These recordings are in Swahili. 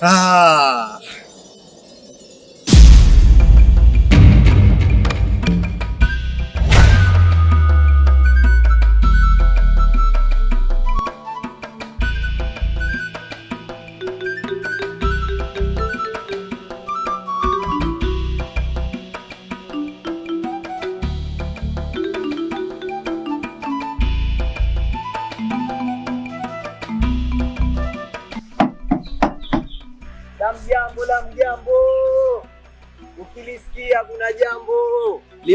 ああ。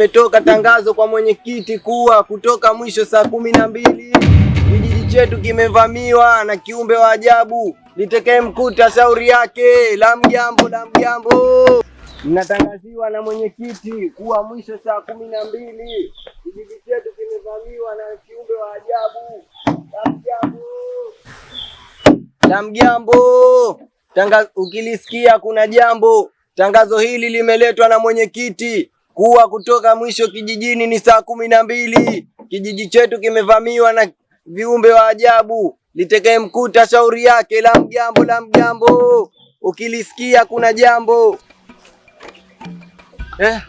limetoka tangazo kwa mwenyekiti kuwa kutoka mwisho saa kumi na mbili kijiji chetu kimevamiwa na kiumbe wa ajabu mkuta shauri yake la mjambo la mjambo. Mnatangaziwa na mwenyekiti kuwa mwisho saa kumi na mbili kijiji chetu kimevamiwa na kiumbe wa ajabu la mjambo la mjambo. Tanga, ukilisikia kuna jambo, tangazo hili limeletwa na mwenyekiti kuwa kutoka mwisho kijijini ni saa kumi na mbili. Kijiji chetu kimevamiwa na viumbe wa ajabu. Litekayemkuta shauri yake la mgambo, la mgambo. Ukilisikia kuna jambo eh.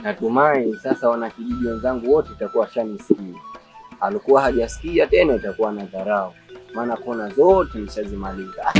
Natumai sasa wanakijiji wenzangu wote itakuwa shanisikia, alikuwa hajasikia tena itakuwa na dharau, maana kona zote nishazimaliza.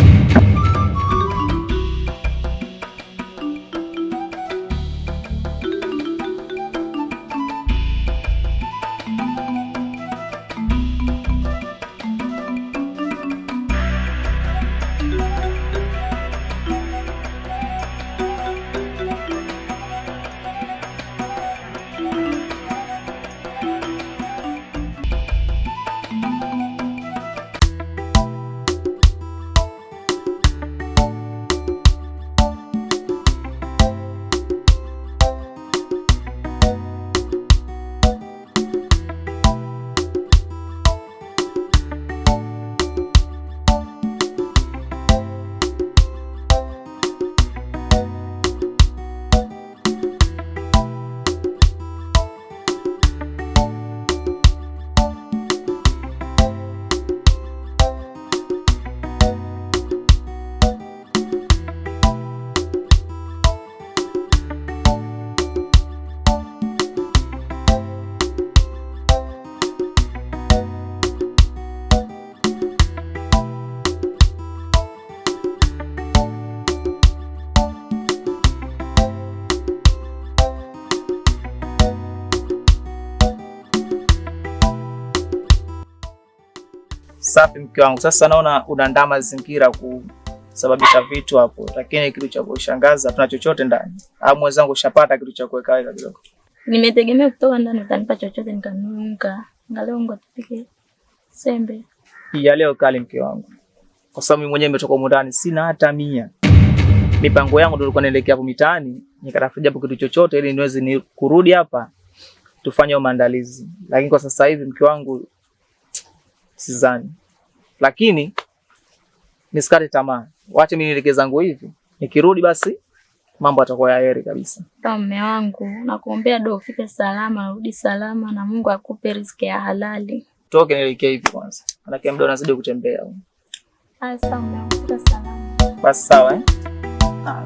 safi mke wangu. Sasa naona unaandaa mazingira kusababisha vitu hapo, lakini kitu cha kushangaza tuna chochote ndani au mwenzangu ushapata kitu cha kuweka weka kidogo? Nimetegemea kutoka ndani utanipa chochote nikanunga ngalio ngo tupike sembe. Ya leo kali mke wangu. Kwa sababu mimi mwenyewe nimetoka huko sina hata mia. Mipango yangu ndio ilikuwa naelekea hapo mitaani, nikatafuta japo kitu chochote ili niweze ni kurudi hapa tufanye maandalizi. Lakini kwa sasa hivi mke wangu sizani lakini nisikate tamaa, wache mimi nileke zangu hivi, nikirudi basi mambo atakuwa ya heri kabisa. Kama mme wangu, nakuombea do, ufike salama, rudi salama, na Mungu akupe riziki ya halali. Toke nilekee hivi kwanza, manake mdo unazidi kutembea. basi sawa eh? Ah,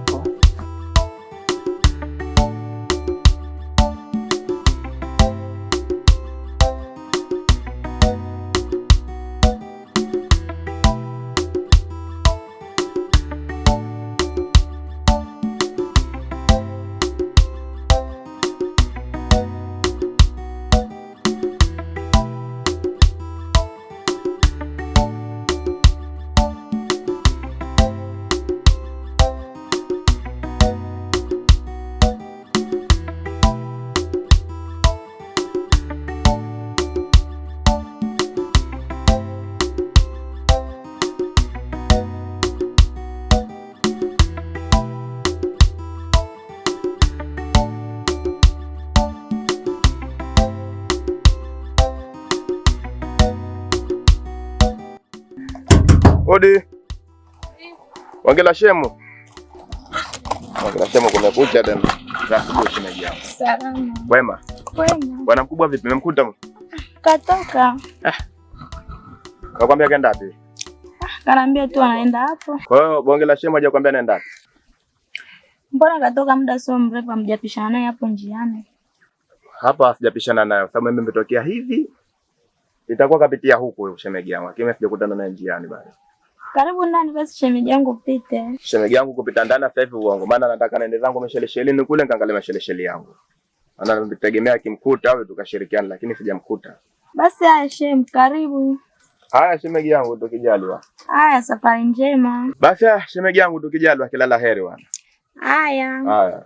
Odi. Wangela shemu. Wangela shemo kumekucha tena. Rafiki ushimeja. Salama. Wema. Wema. Bwana mkubwa vipi? Mmemkuta? Katoka. Eh. Ah. Kakwambia kaenda wapi? Kanaambia tu anaenda hapo. Kwa hiyo bonge la shemo hajakwambia anaenda wapi? Mbona katoka muda sio mrefu amjapishana naye hapo njiani. Hapa sijapishana naye sababu mimi nimetokea hivi. Nitakuwa kapitia huku shemeji yangu. Lakini sijakutana naye njiani bado. Karibu ndani basi, shemeji yangu pite. Shemeji yangu kupita ndani sasa hivi uongo, maana nataka naende zangu mashelesheleni kule nikaangalia mashelesheli yangu, maana nitegemea akimkuta awe tukashirikiana, lakini sijamkuta. Basi haya shem, karibu. Haya shemeji yangu, tukijaliwa. Haya, safari njema. Basi haya shemeji yangu, tukijaliwa, kila la heri bwana. Haya haya.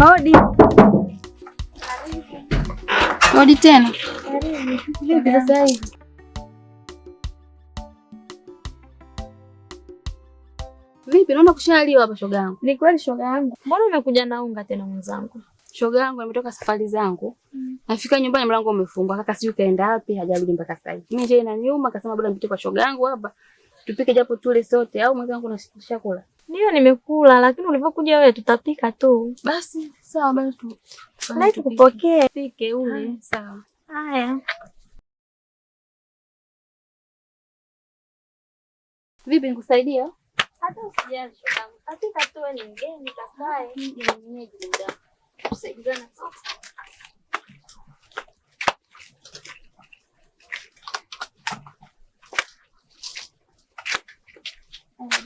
Hodi. Hodi tena. Vipi, naona kushaliwa hapa shoga yangu. Ni kweli shoga yangu. Mbona umekuja na unga tena mwenzangu? Shoga yangu nimetoka safari zangu. Mm. Nafika nyumbani mlango umefungwa. Kaka sijui kaenda wapi, hajarudi mpaka sasa hivi. Mimi nje na nyuma kasema bado nipite kwa shoga yangu hapa tupike japo tule sote, au mwenzangu nashakula? Ndio, nimekula lakini ulivyokuja wewe tutapika tu. Basi sawa basi tu. Na tukupokee. Pike ule. Sawa. Haya. Vipi nikusaidie? Hata usijali shogangu. Hakika tu wewe ni mgeni kasai, ni mwenyeji ndio. Tusaidizane sote.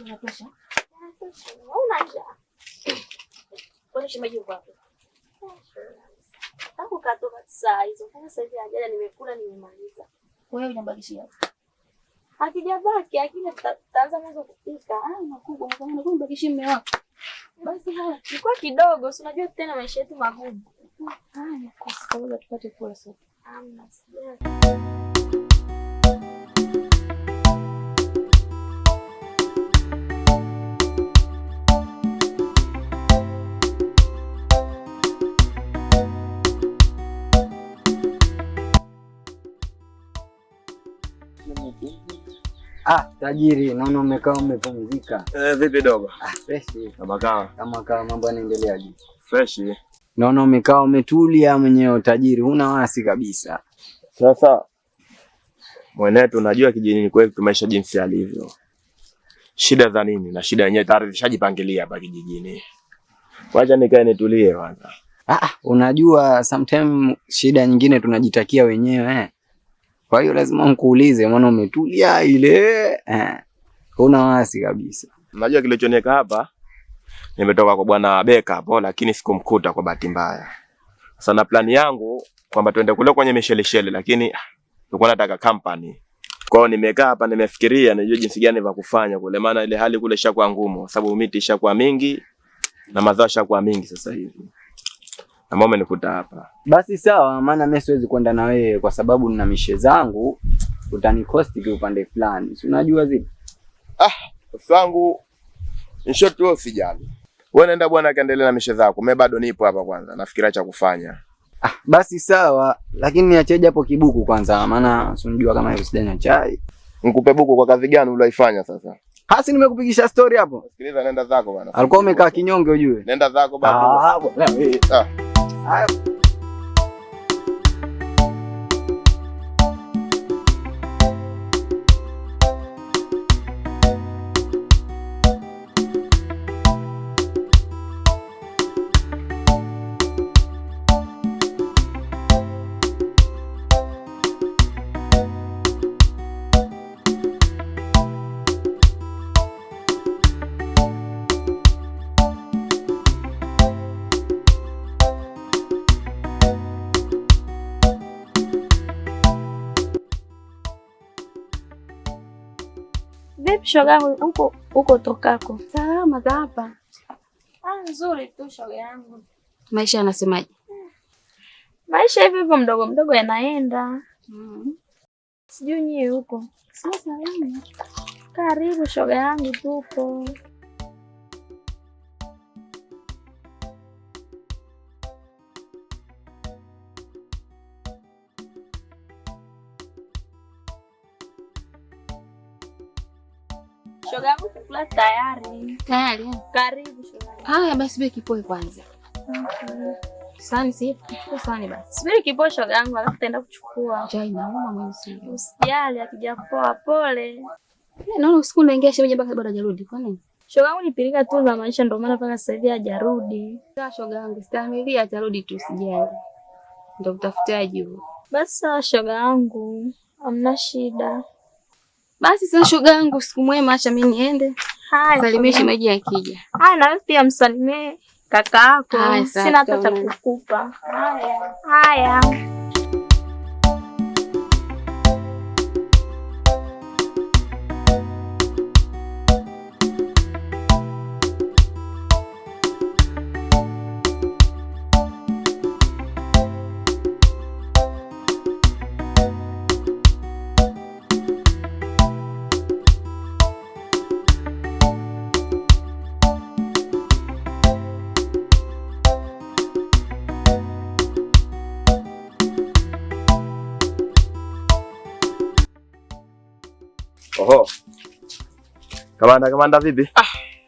Inatosha. Hauna njaa. Kwa shemeji uko wapi? Akijabaki akija tutaanza mwanzo kupika. Ah, makubwa kama unakuwa unabakishia mume wako. Basi haya, ilikuwa kidogo, si unajua tena maisha yetu magumu. Haya, kwa sababu tupate kula sote. Amna sijali. Ah, tajiri, naona umekaa umepumzika. Eh, vipi dogo? Ah, fresh. Kama kawa. Kama kawa, mambo yanaendelea je? Fresh. Naona umekaa umetulia mwenyewe tajiri, huna wasi kabisa. Sasa mwenetu, unajua kijijini kwetu maisha jinsi yalivyo. Shida za nini na shida yenyewe tayari tulishajipangilia hapa kijijini. Wacha nikae nitulie kwanza. Ah, ah unajua sometimes shida nyingine tunajitakia wenyewe eh. Kwa hiyo lazima nikuulize, maana umetulia ile eh, una wasi kabisa. Unajua kilichoneka hapa, nimetoka kwa bwana Beka hapo, lakini sikumkuta kwa bahati mbaya. Sasa na plani yangu kwamba twende kule kwenye mishelisheli, lakini nilikuwa nataka company. Kwa hiyo nimekaa hapa nimefikiria najua jinsi gani vya kufanya kule, maana ile hali kule shakuwa ngumu, sababu miti shakuwa mingi na mazao shakuwa mingi sasa hivi na mama hapa. Basi sawa, maana mimi siwezi kwenda na wewe kwa sababu nina mishe zangu, utanikosti kwa upande fulani, si unajua zipi? Ah, zangu nishoto sijali. Wewe nenda bwana, kaendelea na mishe zako, mimi bado nipo hapa, kwanza nafikiria cha kufanya. Ah, basi sawa, lakini niache japo kibuku kwanza, maana si unajua kama hiyo sijanywa chai. Nikupe buku kwa kazi gani uliyoifanya sasa? Hasi nimekupigisha story hapo. Sikiliza, nenda zako bwana. Alikuwa umekaa kinyonge ujue. Nenda zako bwana. Ah, bwana. Eh. Ah. I Vipi shogangu, huko huko tokako salama za hapa? Ah, nzuri tu yangu. Maisha yanasemaje? Hmm. Maisha hivi hivyo mdogo mdogo yanaenda. Hmm. Sijui nyie huko. Sasa karibu shoga yangu tupo. Tayari. Tayari. Karibu shukrani. Haya basi be kipoe kwanza. Mm-hmm. Sani si? Chukua sani basi. Subiri kipoe shoga yangu alafu taenda kuchukua. Chai nauma mwenzi. Usijali akijapoa pole. Eh, naona usiku unaingia shemeji mpaka bado hajarudi. Kwa nini? Shoga yangu ni pilika tu za maisha ndio maana mpaka sasa hivi hajarudi. Sawa shoga yangu, stahimili atarudi tu usijali. Ndio kutafutia jibu. Basi sawa shoga yangu. Hamna shida. Basi sasa shoga yangu, siku mwema, acha mimi niende. Salimia shemeji akija. Ah, na pia msalimie kaka yako. Sina hata cha kukupa. Haya. Haya. Kamanda, kamanda vipi? Ah,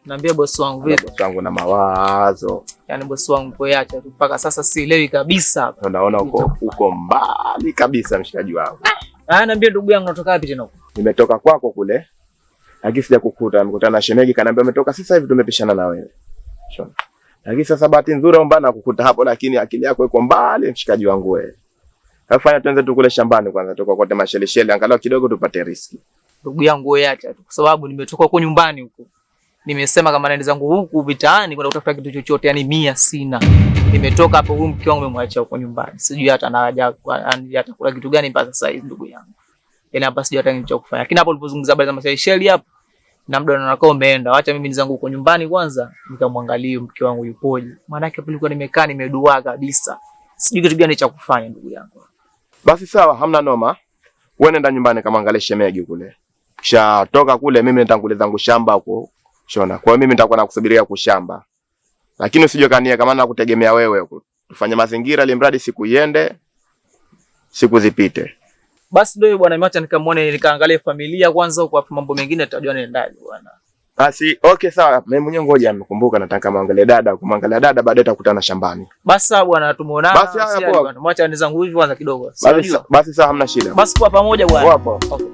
naambia bosi wangu vipi? Bosi wangu na mawazo. Yaani bosi wangu poacha tu mpaka sasa sielewi kabisa. Unaona uko uko mbali kabisa mshikaji wangu. Ah, naambia ndugu yangu natoka wapi tena huko? Nimetoka kwako kule. Lakini sija kukuta, nimekutana na shemeji kanaambia umetoka sasa hivi tumepishana na wewe. Shona. Lakini sasa bahati nzuri omba na kukuta hapo, lakini akili yako iko mbali mshikaji wangu wewe. Afanya tuanze tukule shambani kwanza, tuko kote mashelisheli angalau kidogo tupate riski ndugu yangu wewe, acha tu, kwa sababu nimetoka huko nyumbani huko, nimesema kama naenda zangu huku vitaani kwenda kutafuta kitu chochote, yani mia sina. Nimetoka hapo, huyu mke wangu nimemwacha huko nyumbani, sijui hata anaja atakula kitu gani mpaka sasa hivi, ndugu yangu, yani hapa sijui hata nini cha kufanya. Lakini hapo ulipozungumza habari za Mashaisheli hapo na muda unaonaka umeenda, acha mimi nizangu huko nyumbani kwanza nikamwangalia mke wangu yupoje, maana yake nilikuwa nimekaa nimedua kabisa, sijui kitu gani cha kufanya, ndugu yangu. Basi sawa, hamna noma, wewe nenda nyumbani kamwangalie shemegi kule toka kule, mimi nitangulia zangu shamba huko shona. Kwa hiyo mimi nitakuwa nakusubiria shamba. lakini usije kania kama na kutegemea wewe, tufanye mazingira ili mradi siku iende siku zipite. Basi ndio bwana, mimi acha nikamwone nikaangalie familia kwanza huko, hapo mambo mengine tutajua neendaje bwana. Basi okay, sawa. Mimi mwenyewe ngoja nimekumbuka, nataka muangalie dada, kumwangalia dada baadaye tutakutana shambani. Basi sawa bwana, tumuonana. Basi haya poa. Mwacha nizangu hivi kwanza kidogo. Basi sawa, hamna shida. Basi kwa pamoja bwana. Okay.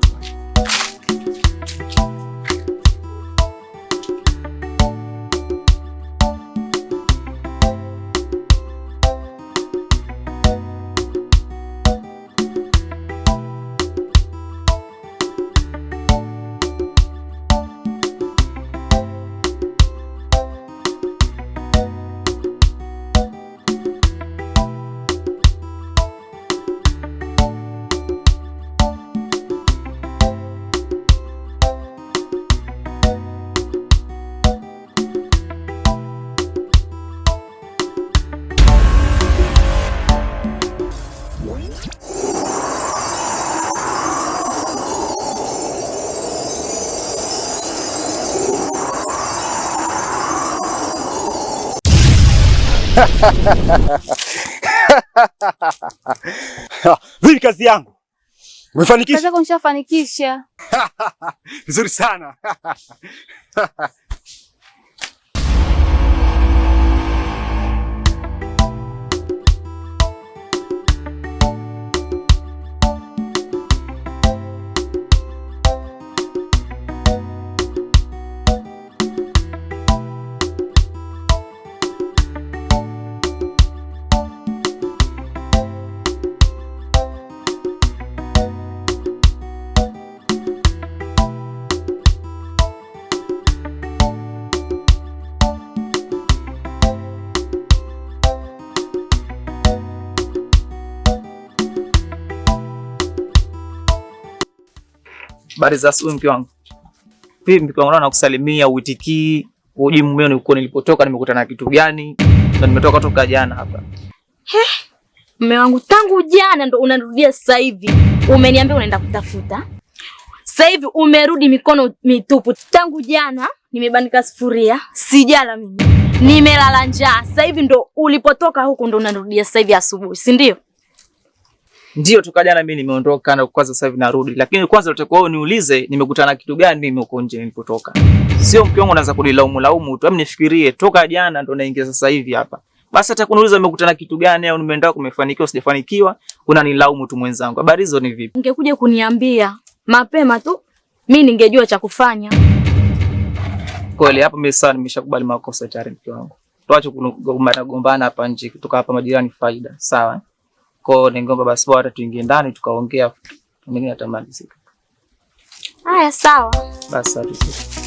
Vipi kazi yangu? Umefanikisha? Kazi yako nishafanikisha. Nzuri sana. Habari za asubuhi mke wangu. Vipi mke wangu, nakusalimia uitikii. Uji mumeo ni uko nilipotoka nimekutana na kitu gani? Na nimetoka toka jana hapa. He? Mume wangu tangu jana ndo unarudia sasa hivi. Umeniambia unaenda kutafuta. Sasa hivi umerudi mikono mitupu. Tangu jana nimebanika sufuria, sijala mimi. Nimelala njaa. Sasa hivi ndo ulipotoka huku ndo unarudia sasa hivi asubuhi, si ndio? Ndio, toka jana mimi nimeondoka na kwanza sasa hivi narudi, lakini kwanza nataka wewe niulize nimekutana na kitu gani mimi huko nje nilipotoka. Sio mke wangu anaanza kunilaumu laumu tu, nifikirie toka jana ndo naingia sasa hivi hapa. Basi hata kuniuliza nimekutana na kitu gani au nimeenda kumefanikiwa sijafanikiwa, unanilaumu tu mwenzangu. Habari hizo ni vipi? Ungekuja kuniambia mapema tu, mimi ningejua cha kufanya. Kweli hapo mimi sasa nimeshakubali makosa tayari mke wangu. Tuache kugombana gombana hapa nje, kutoka hapa majirani faida. Sawa hiyo ningeomba basi bora tuingie ndani tukaongea, mimi natamani. Haya, sawa basi.